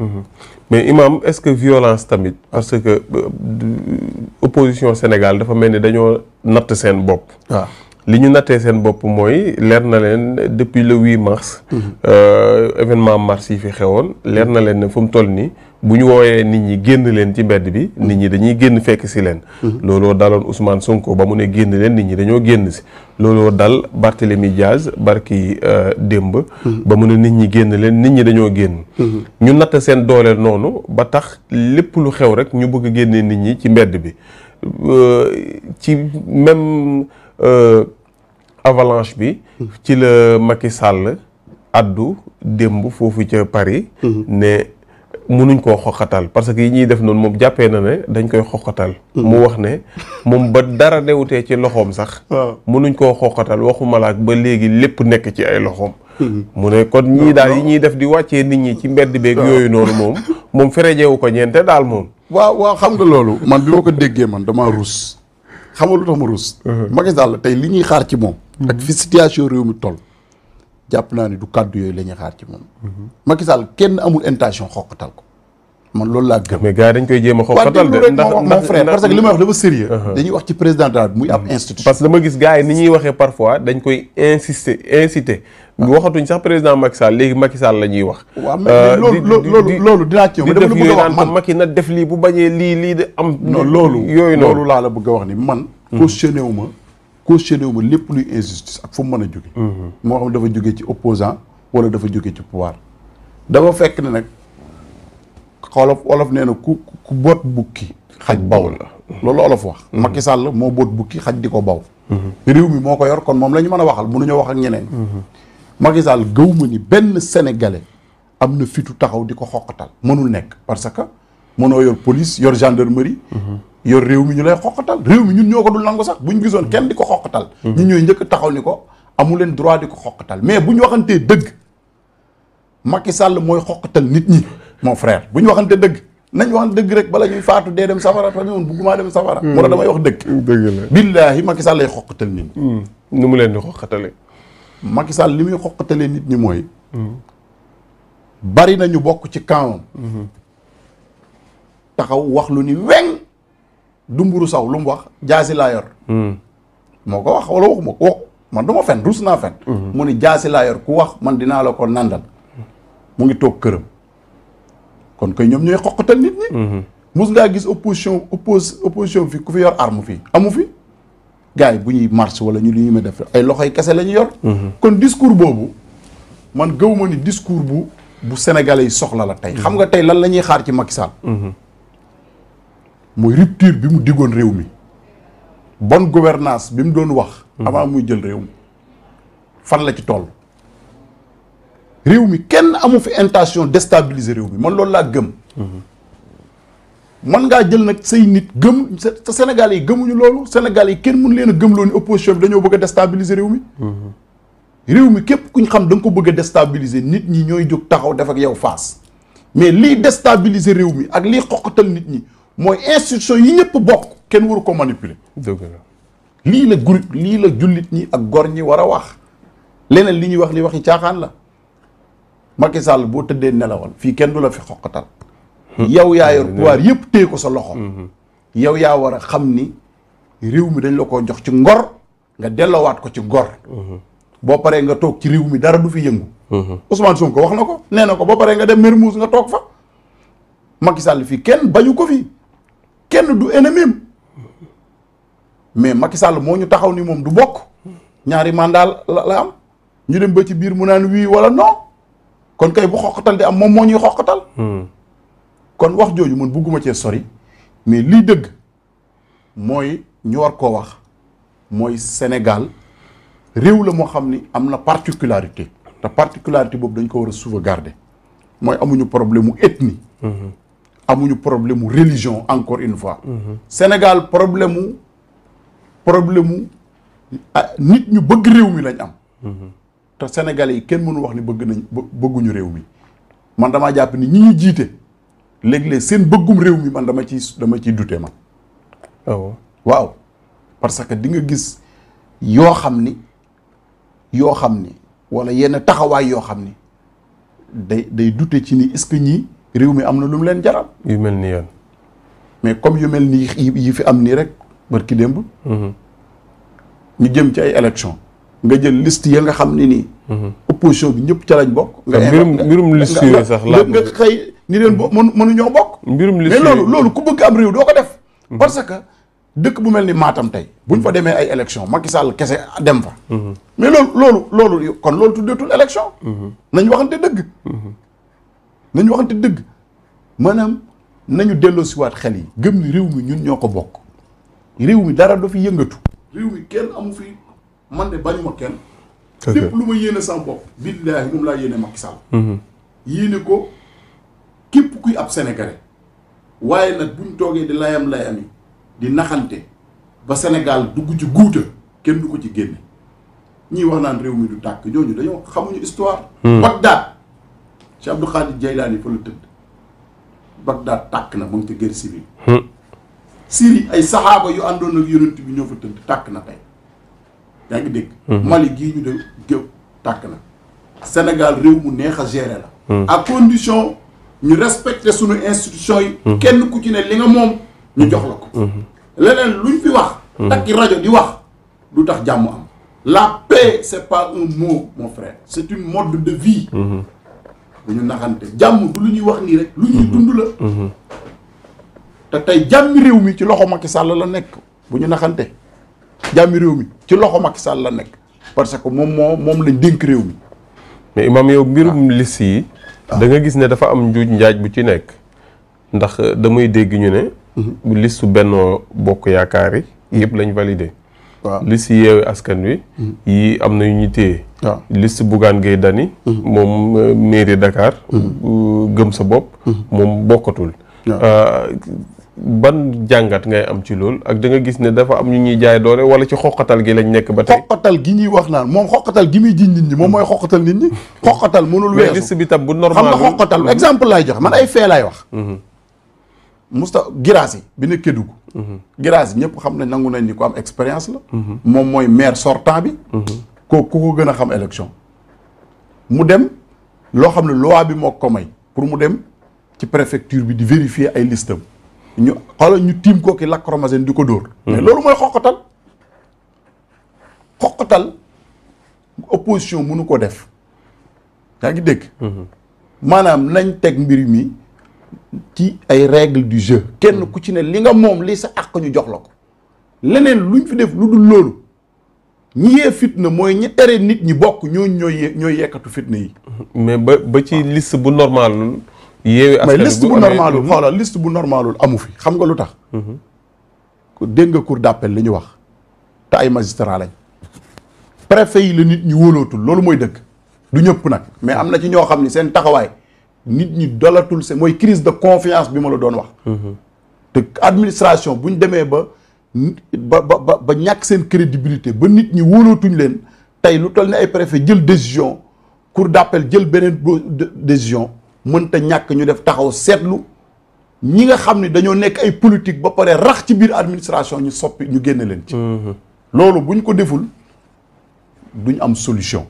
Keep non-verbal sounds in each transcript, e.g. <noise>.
Mhm. mais imam est-ce que violence tamit parce que euh, opposition Sénégal dafa mel ni dañoo natt seen bopp waaw ah. li ñu nattee seen bopp mooy leer na leen depuis le 8 mars. Mhm. Euh, événement mars yi fi xewoon leer na leen ne fu mu toll nii bu ñu woowee nit ñi génn leen ci mbedd bi. nit ñi dañuy génn fekk si leen. Mhm. looloo daloon Ousmane Sonko ba mu ne génn nit ñi dañoo génn si. looloo dal Barthélemy Diaz barki euh, démb. Mhm. ba mu ne nit ñi génn leen nit ñi dañoo génn. ñu natt seen dooleel noonu ba tax lépp lu xew rek ñu bëgg génne nit ñi ci mbedd bi euh, ci même. avalanche bi ci la Macky Sall addu démb foofu ca Paris ne munuñ koo xoqatal parce que yi ñuy def noonu moom jàppee na ne dañ koy xoqatal mu wax ne moom ba dara newutee ci loxoom sax munuñ koo xoqatal waxumalaak ba léegi lépp nekk ci ay loxoom mhm. mu ne kon ñii daal yi ñuy def di wàccee nit ñi ci mbedd beeg yooyu noonu moom moom ferejewu ko ñeente daal moom waaw waaw xam nga loolu man bi ma ko déggee man dama rus xam nga lu tax ma ruus. Uh-huh. Macky la tey li ñuy xaar ci moom. ak uh-huh. fi situation réew mi toll. jàpp naa ni du kàddu yooyu la xaar ci moom. Uh-huh. Macky Sall kenn amul intention xoqatal ko. man loolu laa gëm. mais yi dañ koy jéem a xoqatal de ndax mon frère parce que li may wax dafa sérieux dañuy wax ci président de muy ab institution. parce que dama gis gars yi ni ñuy waxee parfois dañ koy insister inciter waxatuñ ah. sax président Macky Sall léegi Macky Sall la ñuy wax. waaw mais euh, loolu loolu dinaa ci yow. dama la bëgg a wax man def lii bu bañee lii lii de am. loolu yooyu noonu laa la bëgg a wax ni man. Hmm. cautionné wu ma cautionné wu lépp luy injustice ak fu mu mën a jóge hmm. moo xam dafa jóge ci opposant wala dafa jóge ci pouvoir dafa fekk ne nag olof olof nee na ku ku boot bukki xaj baw la hmm. loolu olof wax Macky Sall moo boot bukki xaj di ko baw réew mi moo ko yor kon moom la ñu mën a waxal mënuñoo wax ak ñeneen Macky Sall gëw ma ni benn sénégalais am na fitu taxaw di ko xoqatal mënul nekk parce que mënoo yor police yor gendarmerie. Mhm. yor réew mi ñu lay xoqatal réew mi ñun ñoo ko dul nangu sax bu ñu gisoon kenn di ko xoqatal. Mhm. ñun ñooy njëkk taxaw ni ko amu leen droit di ko xoqatal mais bu ñu waxantee dëgg Macky Sall mooy xoqatal nit ñi mon frère bu ñu waxantee dëgg. nañ wax dëgg rek bala ñuy faatu dee dem safara fa ñoon bëgguma dem safara. Mhm. moo tax damay wax dëgg. dëgg la billaahi Macky Sall lay xoqatal nit ñi. nu mu leen di xoqatale. Macky Sall li muy xoqatalee nit ñi mooy. Hmm. bari nañu bokk ci camp hmm. taxaw wax lu ni weñ dumburu saw lu mu wax jaasi laa yor. Hmm. moo ko wax wala waxuma ko wax man du ma fen rus naa fen. mu ni jaasi laa yor ku wax man dinaa la ko nandal. mu ngi toog këram. kon koy ñoom ñooy xoqatal nit ñi. mus ngaa gis opposition oppos opposition fi ku fi yor arme fii amu fi. gars yi bu ñuy marche wala ñu lu ñu mën def ay loxoy kese la ñu yor. Mhm. kon discours boobu man gëw ma ni discours bu bu sénégalais soxla la tey. xam nga mhm. tey lan la ñuy xaar ci Macky Sall. Mhm. mooy rupture bi mu diggoon réew mi bonne gouvernance bi mu doon wax. avant muy jël réew mi fan la ci toll. réew mi kenn amu fi intention déstabiliser réew mi man loolu laa gëm. mën ngaa jël nag say nit gëm te Sénégal yi gëmuñu loolu Sénégal yi kenn mun leen a gëmloo ni opposition bi dañoo bëgg a réew mi. Mm-hmm. réew mi képp ku ñu xam danga ko bëgg a nit ñi ñooy jóg taxaw def ak yow face mais lii déstabiliser réew mi ak lii xoqatal nit ñi mooy institution yi ñëpp bokk kenn waru ko manipuler. lii la groupe lii la jullit ñi ak gor ñi war a wax leneen li ñuy wax li yi caaxaan la Macky Sall boo tëddee nelawal fii kenn du la fi xoqatal. <laughs> yow yaa yor pouvoir yëpp téye ko sa loxo. <laughs> yow yaa war a xam ni réew mi dañ la ko jox ci ngor nga delloowaat ko ci ngor. <laughs> boo paree nga toog ci réew mi dara du fi yëngu. Ousmane ko wax na ko nee na ko boo paree nga dem Mermoz nga toog fa. Macky Sall fii kenn bañu ko fi kenn du ennemi mais Macky Sall moo ñu taxaw ni moom du bokk ñaari mandat la am ñu dem ba ci biir mu naan wii wala non kon kay bu xoqatal di am moom moo ñuy xoqatal. Hmm. kon wax jooju mën bugguma cee sori mais lii dëgg mooy ñu war koo wax mooy Sénégal réew la moo xam ni am na particularité te particularité boobu dañ ko war a sauvegarder mooy amuñu problème mu ethnie. Mm-hmm. amuñu problème mu religion encore une fois. Mm-hmm. Sénégal problème mu problème mu ah, nit ñu bëgg réew mi lañ am. Mm-hmm. te Sénégalais yi kenn mënu wax ni bëgg nañ bëgguñu réew mi man damaa jàpp ni ñi ñu jiite. léeg-léeg seen bëggum réew mi man dama ci dama ciy dute man. Oh. waaw parce que di nga gis yoo xam ni yoo xam ni walla yenn taxawaay yoo xam ni day day dute ci ni est-ce ñii réew mi am na lu mu leen jaral. yu mel ni yoon. mais comme yu mel ni yi fi am nii rek ki démb. Mm-hmm. ñu jëm ci ay élection nga jël liste ya nga xam ne nii. Mm-hmm. opposition bi ñëpp ca lañ bokk. nga mbirum nga xëy. ni leen bo mënu mënu ñoo bokk. mbirum liste mais loolu loolu ku bëgg am réew doo ko def. Mhm. parce que dëkk bu mel ni maatam tey. bu ñu fa demee ay élection Macky Sall kese dem fa. Mhm. mais loolu loolu loolu kon loolu tuddeetul élection. Mhm. nañ waxante dëgg. nañ waxante dëgg maanaam nañu siwaat xel yi gëm ni réew mi ñun ñoo ko bokk. réew mi dara du fi yëngatu. réew mi kenn amu fi man de bañuma kenn. lépp lu ma yéene sama bopp. billaahi moom laa yéene Macky yéene ko. képp kuy ab sénégalais waaye nag buñ toogee di layam layami di naxante ba Sénégal dugg ci guuta kenn du ko ci génne ñii wax naan réew mi du tàkk ñooñu dañoo xamuñu histoire. Hmm. Bagdad ci Abdou Khadir Jaylaani fa la tëdd na mu ci guerre civile. Hmm. Syrie ay saxaaba yu àndoon ak bi ñoo fa tàkk na tey yaa ngi dégg. Hmm. gii ñu de tàkk na. Sénégal réew mu neex a gérer la. à condition. ñu respecté suñu institution yi. Mhm. kenn ku ci ne li nga moom ñu jox la ko. Mhm. leneen luñ fi wax. takki mhm. rajo di wax lu tax jàmm am. la paix c' est pas un mot mon frère c' est une mode de vie. bu ñu naxante jàmm du lu ñuy wax nii rek. lu ñuy dund la. te tey jàmmi réew mi ci loxo Macky Sall la nekk bu ñu naxante jàmmi réew mi ci loxo Macky Sall la nekk parce que moom moo moom lañ dénk réew mi. mais imam yow mbirum liste yi. da nga gis ne dafa am njuuj njaaj bu ci nekk ndax euh, damay dégg ñu ne mhm. liste bennoo bokk yaakaar yi yëpp lañ validé waaw liste yeewi askan wi mhm. yi am na yu ñu téye waaw liste Bougane Gueye mhm. moom euh, mairie Dakar euh, gëm sa bopp moom bokkatul ban jàngat ngay am ci loolu ak danga gis ne dafa am ñu ñuy jaay doole wala ci xoqatal gi lañ nekk ba tey xoqatal gi ñuy wax naan moom xoqatal gi muy jiñ nit ñi moom mooy xoqatal nit ñi xoqatal mënul weesu mais liste bu normal xam nga xoqatal mm-hmm. exemple laay jox man ay fee laay wax musta mm-hmm. giraas yi bi ne Kédougou mm-hmm. giraas yi ñëpp xam nañ nangu nañ ni ko am expérience la moom mooy maire sortant bi ko ku ko gën a xam élection mu dem loo xam ne loi bi moo ko may pour mu dem ci préfecture bi di vérifier ay listam ñu xoolal ñu tiim la lacrymogène di ko dóor. Hmm. mais loolu mooy xoqatal xoqatal opposition mënu ko def yaa ngi dégg. Hmm. maanaam nañ teg mbir mi ci ay règles du jeu. kenn hmm. ku ci ne li nga moom li sa àq ñu jox la ko. leneen luñ fi def lu dul loolu ñi yee fitna mooy ñi tere nit ñi bokk ñooñu ñooy ñooy yekkatu fitna yi. mais ba ba ci list bu normal. yeewi mais liste bu normalul xoola liste bu normalul amu fi xam nga lu tax mm-hmm. dégg nga cour d'appel li ñu wax te ay magistrat lañ préfet yi la nit ñi wóolootul loolu mooy dëkk du ñëpp nag mais am na ci ñoo xam ni seen taxawaay nit ñi dolatul seen mooy crise de confiance bi ma la doon wax mm-hmm. te administration bu ñu demee ba ba ba ñàkk seen crédibilité ba nit ñi wóolootuñ leen tey lu toll ni ay préfet jël décision cour d'appel jël beneen décision mënta ñàkk ñu def taxaw seetlu ñi nga xam ni dañoo nekk ay politique ba pare rax ci biir administration ñu soppi ñu génne leen ci mhm. loolu buñ ko deful duñ am solution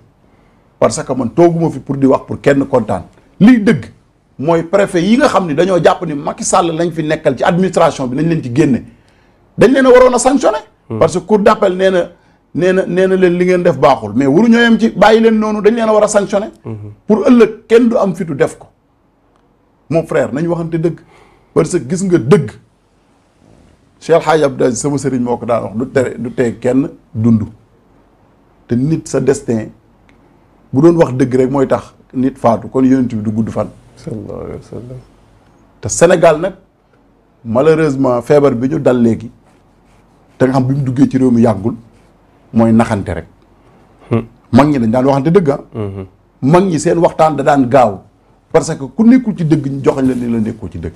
parce que man tooguma fi pour di wax pour kenn kontaan lii dëgg mooy préfet yi nga xam ni dañoo jàpp ni Macky Sall lañ fi nekkal ci administration bi nañ leen ci génne dañ leen a waroon a sanctionné mhm. parce que cour d'appel nee na nee na nee na leen li ngeen def baaxul mais waruñoo yem ci bàyyi leen noonu dañ leen war a sanctionné mhm. pour ëllëg kenn du am fitu def ko mon frère nañu waxante dëgg parce que gis nga dëgg Cheikh El Hadj sama sëriñ moo ko daan wax du tere du tee kenn dund te nit sa destin bu doon wax dëgg rek mooy tax nit faatu kon yonent bi du gudd fan. te Sénégal nag malheureusement feebar bi ñu dal léegi te nga xam bi mu duggee ci réew mi yàggul mooy naxante rek. Hmm. mag ñi dañ daan waxante dëgg ah. Hmm. mag ñi seen waxtaan da daan gaaw. parce que ku nekkul ci dëgg ñu joxañ la ni la nekkul ci dëgg.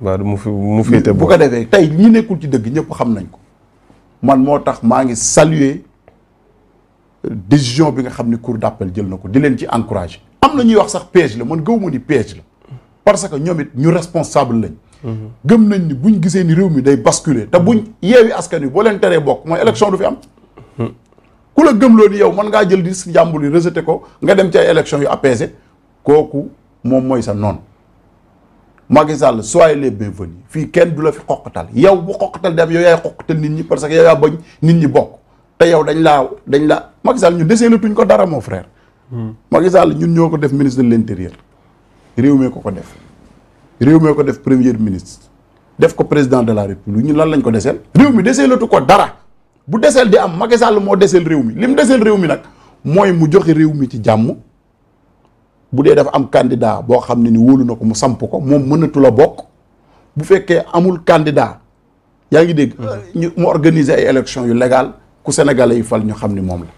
waaw mu fi mu féete bu ko defee tey ñi nekkul ci dëgg ñëpp xam nañ ko man moo tax maa ngi saluer décision bi nga xam ne cour d'appel jël na ko di leen ci encourager. am na ñuy wax sax piège la man ma ni piège la parce que ñoom it ñu responsable lañ. Mhm. gëm nañ ni buñ gisee ni réew mi day basculer te buñ yeewi askan wi boo leen teree bokk mooy élection du fi am. Mhm. ku la gëm loo ni yow mën ngaa jël di si yi rejeté ko nga dem ci ay élection yu apaisé kooku moom mooy sa noon Macky Sall soyez les bienvenus fii kenn du la fi xoqatal yow bu xoqatal dem yow yaay xoqatal nit ñi parce que yow yaa bañ nit ñi bokk te yow dañ laa dañ la Macky Sall ñu desee tuñ ko dara moo freer hmm. Macky ñun ñoo ko def ministre de l'intérieur réew mee ko ko def réew mee ko def premier ministre def ko président de la république ñu lan lañ ko deseel réew mi deseelatu ko dara bu deseel di am Macky moo deseel réew mi li mu deseel réew mi nag mooy mu joxe réew mi ci jàmm bu dee dafa am candidat boo xam ne ni wóolu na ko mu samp ko moom mënatu a bokk bu fekkee amul candidat yaa ngi dégg. Mhm. ñu mu organiser ay élections yu légal ku sénégalais yi fal ñu xam ni moom la.